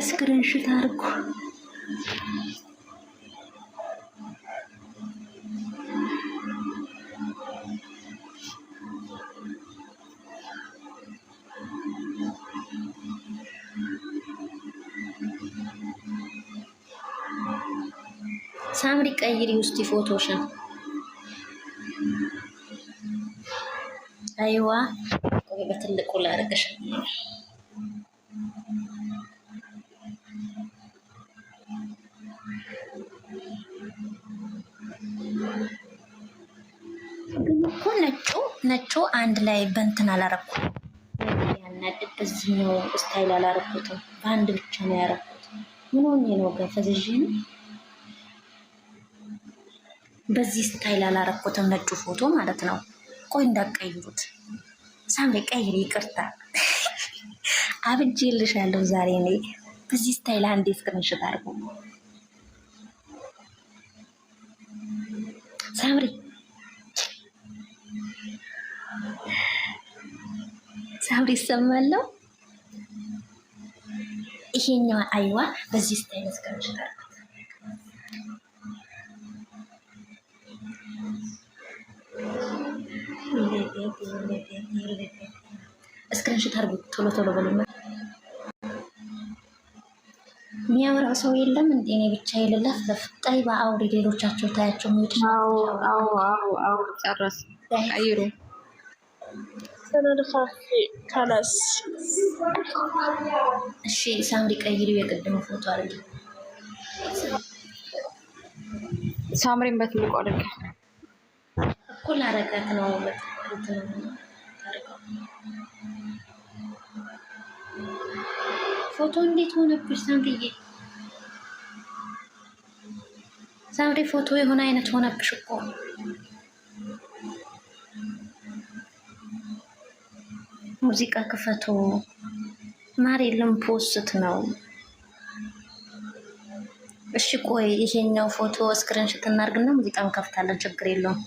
እስክሪንሽት አድርጉ። ሳምሪ ቀይሪ ውስጥ ፎቶሽን። አይዋ ቆይ በትልቁ ላርገሽ ስላቸው አንድ ላይ በንትን አላረኩ ያናድበት ነው ስታይል አላረኩትም። በአንድ ብቻ ነው ያረኩት። ምን ሆኜ ነው ገፈዝዥ በዚህ ስታይል አላረኩትም። ነጩ ፎቶ ማለት ነው። ቆይ እንዳትቀይሩት ሳምሪ ቀይር። ይቅርታ አብጄ ልሻለሁ ዛሬ እኔ በዚህ ስታይል አንዴ እስክንሽት አርጉ ሳምሪ ሳብር ይሰማለሁ። ይሄኛው አይዋ በዚህ ስታይል አስቀምጫለሁ። እስክሪንሽት አርጉ ቶሎ ቶሎ ብሎ የሚያወራው ሰው የለም። እንጤኔ ብቻ የሌላት በፍጣይ በአውሪ ሌሎቻቸው ታያቸው ሚወድ ጨረስ ቀይሩ እሺ ሳምሪ ቀይሪ የቅድሙ ፎቶ አድርጊ። ሳምሪን በትልቁ አድርጊ። እኩል አረጋት ነው ፎቶ እንዴት ሆነብሽ ሳምሪዬ? ሳምሪ ፎቶ የሆነ አይነት ሆነብሽ እኮ ሙዚቃ ክፈቶ ማሬ ልምፖስት ነው። እሺ ቆይ ይሄኛው ፎቶ ስክሪንሽት እናርግና ሙዚቃ እንከፍታለን። ችግር የለውም።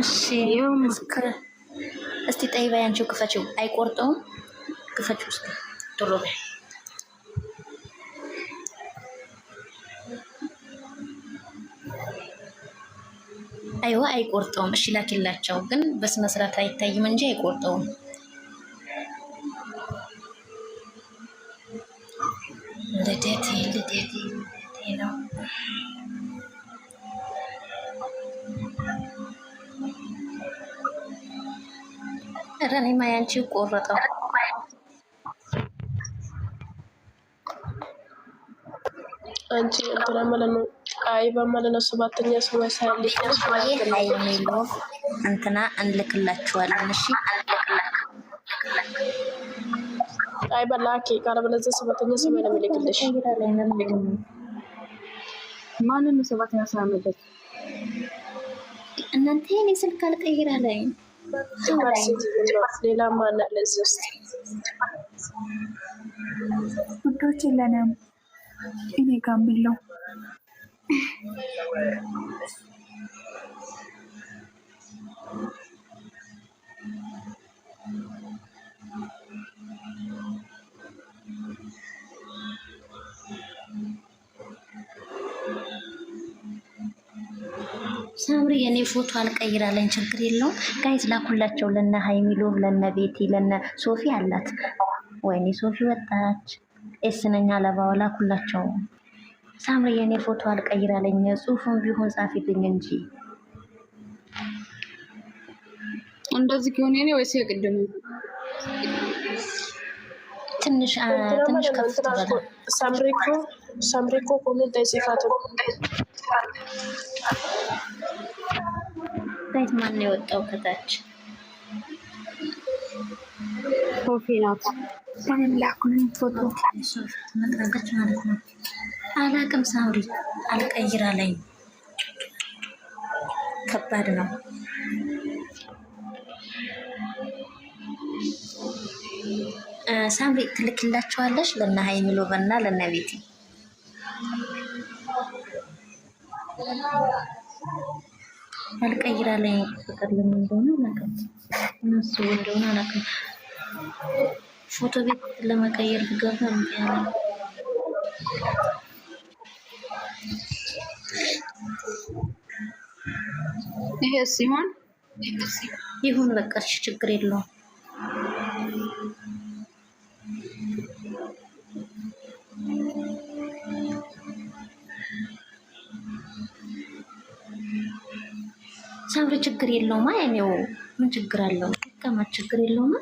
እሺ እስቲ ጠይባ ያንቺው ክፈችው፣ አይቆርጠውም። ክፈችው እስቲ ቶሎ በይ። አይዋ አይቆርጠውም። እሺ ላኪላቸው፣ ግን በስነ ስርዓት አይታይም እንጂ አይቆርጠውም። ልደቴ ልደቴ ልደቴ ነው። ኧረ እኔማ ያንቺ ቆረጠው። አንቺ እንትና ማለት ነው አይባ ማለት ነው። ሰባተኛ ሰማይ ሳልሽ እንትና እንልክላችኋለን። እሺ አይባ ላኪ ቃለ በለዚያ ሰባተኛ ሰማይ ነው የሚልክልሽ። ማንን ነው ሰባተኛ ሰማይ መለክ? እናንተ የኔ ስልክ አልቀይራ ላይ ሌላ ማን አለ እዚህ ውስጥ ጉዳዮች የለንም። እኔ ጋም ብለው ሳምሪ የኔ ፎቶ አልቀይራለኝ ችግር የለውም። ጋይዝ ላኩላቸው ለነ ሃይሚሎም ለነ ቤቲ ለነ ሶፊ አላት። ወይኔ ሶፊ ወጣች። ኤስ ነኛ ለባው ላኩላቸው። ሳምሪ የኔ ፎቶ አልቀይራለኝ ጽሁፉን ቢሆን ጻፊልኝ እንጂ እንደዚህ ከሆነ እኔ ወይስ የቅድሙ ትንሽ ትንሽ ከፍ ትበላ። ሳምሪ እኮ ሳምሪ እኮ ኮሜንት አይጽፋት ቤት ማን ነው የወጣው? ከታች ኮፊ ናት። ፎቶ መቅረጸች ማለት ነው አላቅም ሳምሪ አልቀይራ ላይ ከባድ ነው። ሳምሪ ትልክላቸዋለች ለነ ሀይሚሎባ እና ለነ ቤቲ አልቀይራ ላይ ፍቅር ለምን እንደሆነ አላቅም። እነሱ እንደሆነ አላቅም። ፎቶ ቤት ለመቀየር ብገባ ያለ ይሄ ሲሆን ይሁን በቃ ችግር የለውም። ሰብር ችግር የለውማ። ያኔው ምን ችግር አለው? ቀማት ችግር የለውማ።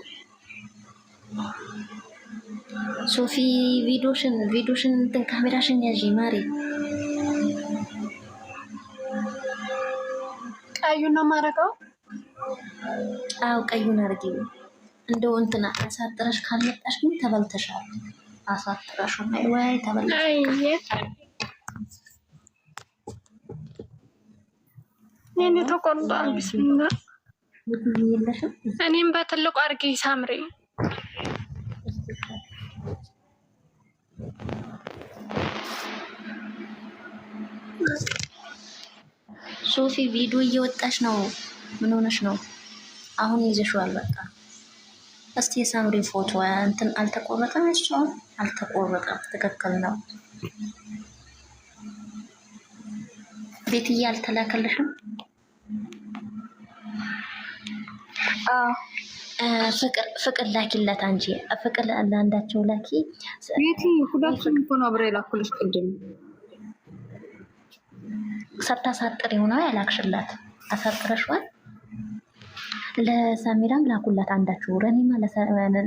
ሶፊ ቪዲዮሽን ቪዲዮሽን እንትን ካሜራሽን ማሪ ቀዩን ነው የማደርገው። አዎ ቀዩን አድርጊ። እንደው እንትና አሳጥረሽ ካልመጣሽ ግን ተበልተሻል። አሳጥረሽ ወይ ወይ ተበልተሻል። እኔ ተቆርጧል። ቢስሚላ እኔም በትልቁ አድርጊ ሳምሬ ሶፊ ቪዲዮ እየወጣች ነው። ምን ሆነሽ ነው? አሁን ይዘሽዋል። በቃ እስቲ የሳምሪ ፎቶ እንትን አልተቆረጠም፣ እሷም አልተቆረጠም። ትክክል ነው። ቤትዬ አልተላከልሽም? ፍቅር ፍቅር ላኪለት እንጂ ፍቅር ለአንዳቸው ላኪ። ቤቲ ሁላችንም እኮ ነው አብሬ ላኩልሽ ቅድም ሰታሳጥር የሆነ ያላክሽላት አሳጥረሽዋል። ለሳሚራም ላኩላት አንዳችሁ ረኒማ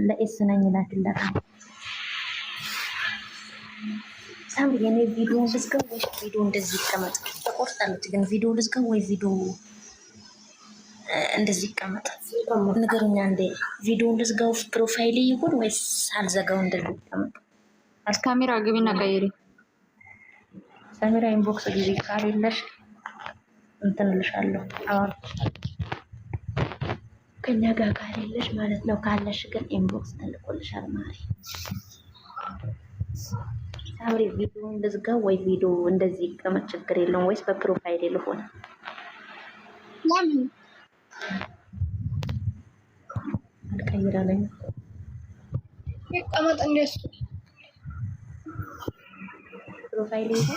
ለኤስ ነኝ ላክላት። ሳምሪ የኔ ቪዲዮ ልዝገብ ወይ ቪዲዮ እንደዚህ ይቀመጥ። ተቆርጣለች ግን ቪዲዮ ልዝገብ ወይ ቪዲዮ እንደዚህ ይቀመጥ። ንገሩኛ እንደ ቪዲዮ ልዝገብ ፕሮፋይል ይሁን ወይስ አልዘጋው እንደዚህ ይቀመጥ። ካሜራ ግቢና ቀይሪ ሰሚራ ኢንቦክስ ጊዜ ካሌለሽ እንትንልሻለሁ አሁን ከኛ ጋር ካሌለሽ ማለት ነው። ካለሽ ግን ኢንቦክስ ትልቆልሻል ማለት ሳምሪ ቪዲዮውን ልዝጋ ወይ ቪዲዮ እንደዚህ ይቀመጥ ችግር የለውም ወይስ በፕሮፋይል ልሆን? ለምን አልቀይራለኝ ይቀመጥ እንደሱ ፕሮፋይል ይዛ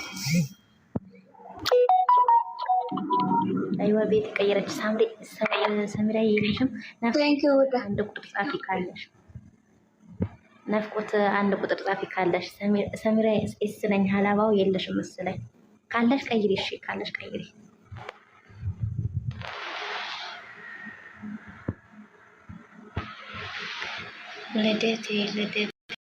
አይዋ ቤት ቀየረች። ሳምሪ ሰሚራ ይልሽም አንድ ቁጥር ጻፊ ካለሽ ነፍቁት። አንድ ቁጥር ጻፊ ካለሽ ሰሚራ ኤስ ነኝ ሀላባው የለሽም መስለኝ። ካለሽ ቀይሪ። እሺ ካለሽ ቀይሪ። ልደቴ ልደቴ